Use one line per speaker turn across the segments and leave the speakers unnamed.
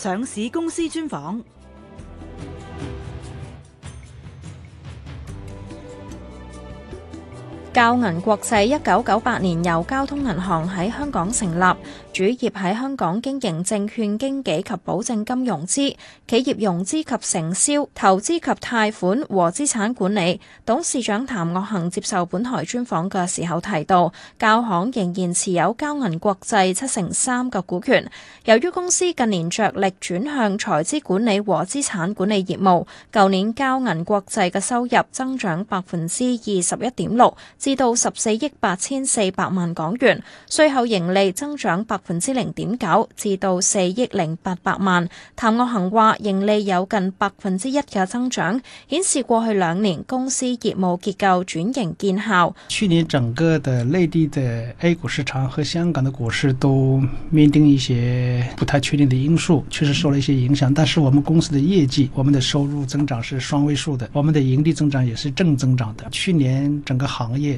上市公司專訪。交銀國際一九九八年由交通銀行喺香港成立，主業喺香港經營證券經紀及保證金融資、企業融資及承銷、投資及貸款和資產管理。董事長譚岳衡接受本台專訪嘅時候提到，交行仍然持有交銀國際七成三嘅股權。由於公司近年着力轉向財資管理和資產管理業務，舊年交銀國際嘅收入增長百分之二十一點六。至到十四億八千四百萬港元，稅後盈利增長百分之零點九，至到四億零八百萬。譚岳衡話盈利有近百分之一嘅增長，顯示過去兩年公司業務結構轉型見效。
去年整個的內地的 A 股市場和香港的股市都面臨一些不太確定的因素，確實受了一些影響。但是我們公司的業績，我們的收入增長是雙位數的，我們的盈利增長也是正增長的。去年整個行業。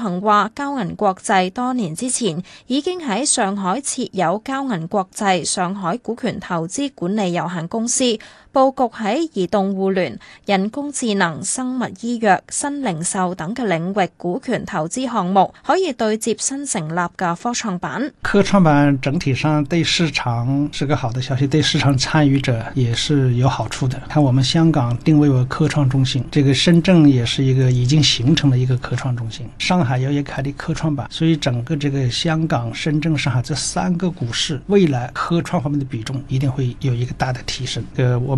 衡話交銀國際多年之前已經喺上海設有交銀國際上海股權投資管理有限公司。布局喺移動互聯、人工智能、生物醫藥、新零售等嘅領域，股權投資項目可以對接新成立嘅科創板。
科創板整體上對市場是個好的消息，對市場參與者也是有好處的。看我們香港定位為科創中心，這個深圳也是一個已經形成了一個科創中心，上海又一開的科創板，所以整個這個香港、深圳、上海這三個股市未來科創方面的比重一定會有一個大的提升。呃，我。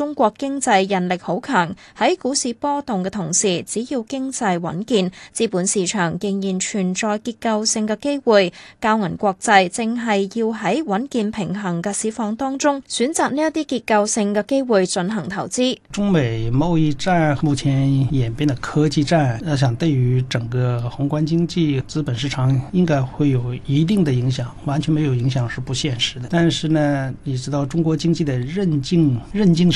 中國經濟引力好強，喺股市波動嘅同時，只要經濟穩健，資本市場仍然存在結構性嘅機會。交銀國際正係要喺穩健平衡嘅市況當中，選擇呢一啲結構性嘅機會進行投資。
中美貿易戰目前演變嘅科技戰，我想對於整個宏觀經濟資本市場應該會有一定的影響，完全沒有影響是不現實的。但是呢，你知道中國經濟嘅韌勁，韌勁。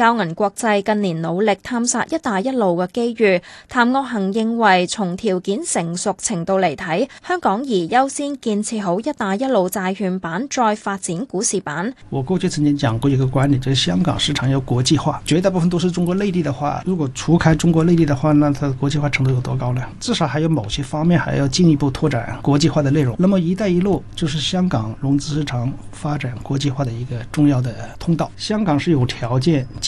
交銀國際近年努力探索「一帶一路」嘅機遇，譚岳衡認為從條件成熟程度嚟睇，香港宜優先建設好「一帶一路」債券版，再發展股市版。
我過去曾經講過一個觀點，就係、是、香港市場要國際化，絕大部分都是中國內地的話，如果除開中國內地的話，那它的國際化程度有多高呢？至少還有某些方面還要進一步拓展國際化嘅內容。那麼「一帶一路」就是香港融資市場發展國際化嘅一個重要的通道。香港是有條件。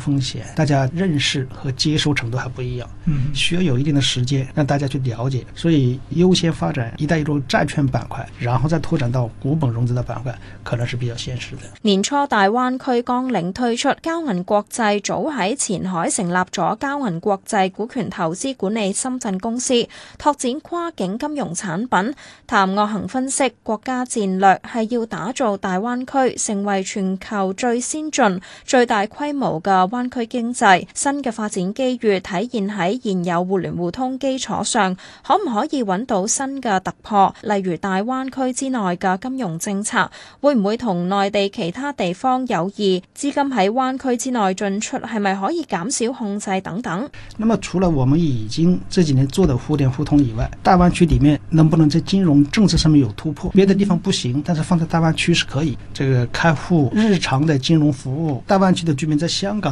風險，大家認識和接收程度還不一樣，嗯，需要有一定的時間讓大家去了解，所以優先發展“一帶一路”債券板塊，然後再拓展到股本融資的板塊，可能是比較現實的。
年初大灣區綱領推出，交銀國際早喺前海成立咗交銀國際股權投資管理深圳公司，拓展跨境金融產品。譚岳衡分析，國家戰略係要打造大灣區成為全球最先進、最大規模嘅。大灣區經濟新嘅發展機遇體現喺現有互聯互通基礎上，可唔可以搵到新嘅突破？例如大灣區之內嘅金融政策，會唔會同內地其他地方有異？資金喺灣區之內進出係咪可以減少控制等等？
那麼除了我們已經這幾年做的互聯互通以外，大灣區裏面能不能在金融政策上面有突破？別的地方不行，但是放在大灣區是可以。這個開戶日常的金融服務，大灣區的居民在香港。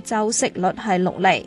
周息率係六厘。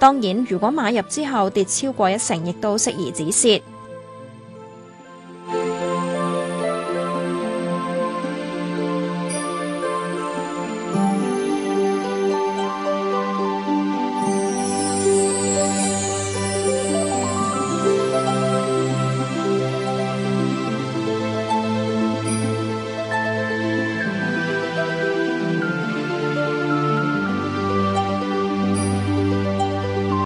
當然，如果買入之後跌超過一成，亦都適宜止蝕。